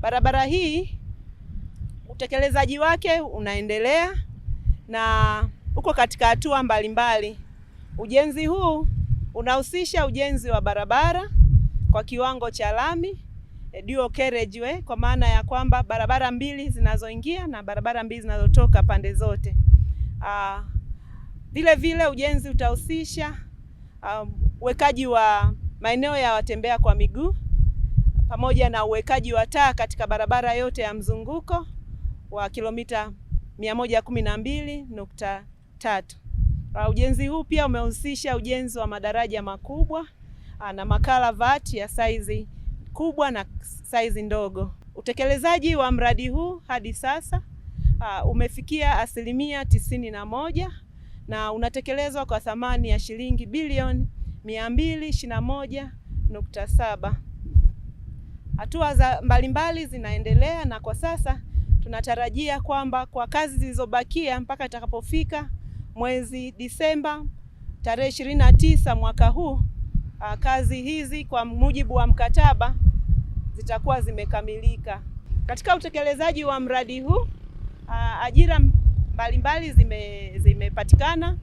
Barabara hii utekelezaji wake unaendelea na uko katika hatua mbalimbali. Ujenzi huu unahusisha ujenzi wa barabara kwa kiwango cha lami eh, dual carriageway, kwa maana ya kwamba barabara mbili zinazoingia na barabara mbili zinazotoka pande zote. Aa, ah, vile vile ujenzi utahusisha ah, uwekaji wa maeneo ya watembea kwa miguu pamoja na uwekaji wa taa katika barabara yote ya mzunguko wa kilomita 112.3. Ah, ujenzi huu pia umehusisha ujenzi wa madaraja makubwa ah, na makalavati ya saizi kubwa na saizi ndogo. Utekelezaji wa mradi huu hadi sasa uh, umefikia asilimia tisini na moja na unatekelezwa kwa thamani ya shilingi bilioni 221.7. Hatua za mbalimbali zinaendelea na kwa sasa tunatarajia kwamba kwa kazi zilizobakia mpaka itakapofika mwezi Disemba tarehe ishirini na tisa mwaka huu, ah, kazi hizi kwa mujibu wa mkataba zitakuwa zimekamilika. Katika utekelezaji wa mradi huu ah, ajira mbalimbali zime zimepatikana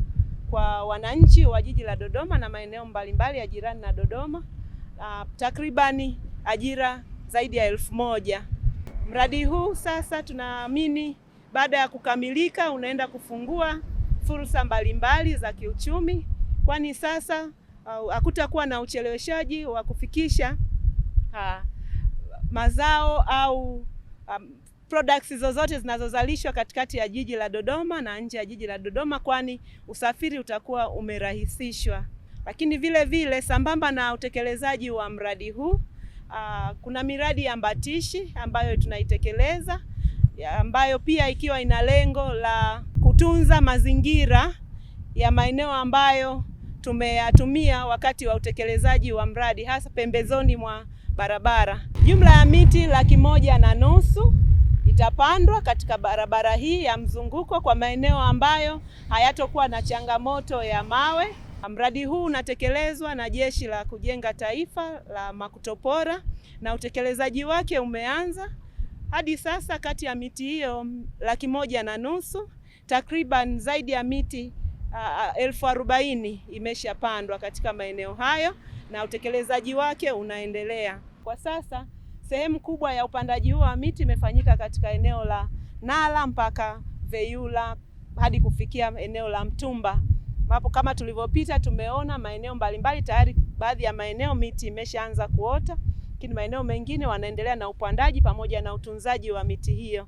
kwa wananchi wa jiji la Dodoma na maeneo mbalimbali ya jirani na Dodoma. Ah, takribani ajira zaidi ya elfu moja. Mradi huu sasa tunaamini baada ya kukamilika unaenda kufungua fursa mbalimbali za kiuchumi, kwani sasa hakutakuwa uh, na ucheleweshaji wa kufikisha uh, mazao au um, products zozote zinazozalishwa katikati ya jiji la Dodoma na nje ya jiji la Dodoma, kwani usafiri utakuwa umerahisishwa. Lakini vile vile sambamba na utekelezaji wa mradi huu Uh, kuna miradi ya mbatishi ambayo tunaitekeleza ambayo pia ikiwa ina lengo la kutunza mazingira ya maeneo ambayo tumeyatumia wakati wa utekelezaji wa mradi hasa pembezoni mwa barabara. Jumla ya miti laki moja na nusu itapandwa katika barabara hii ya mzunguko kwa maeneo ambayo hayatokuwa na changamoto ya mawe. Mradi huu unatekelezwa na Jeshi la Kujenga Taifa la Makutopora na utekelezaji wake umeanza hadi sasa. Kati ya miti hiyo laki moja na nusu takriban zaidi ya miti uh, elfu arobaini imeshapandwa katika maeneo hayo na utekelezaji wake unaendelea kwa sasa. Sehemu kubwa ya upandaji huu wa miti imefanyika katika eneo la Nala mpaka Veyula hadi kufikia eneo la Mtumba ambapo kama tulivyopita tumeona maeneo mbalimbali tayari, baadhi ya maeneo miti imeshaanza kuota, lakini maeneo mengine wanaendelea na upandaji pamoja na utunzaji wa miti hiyo.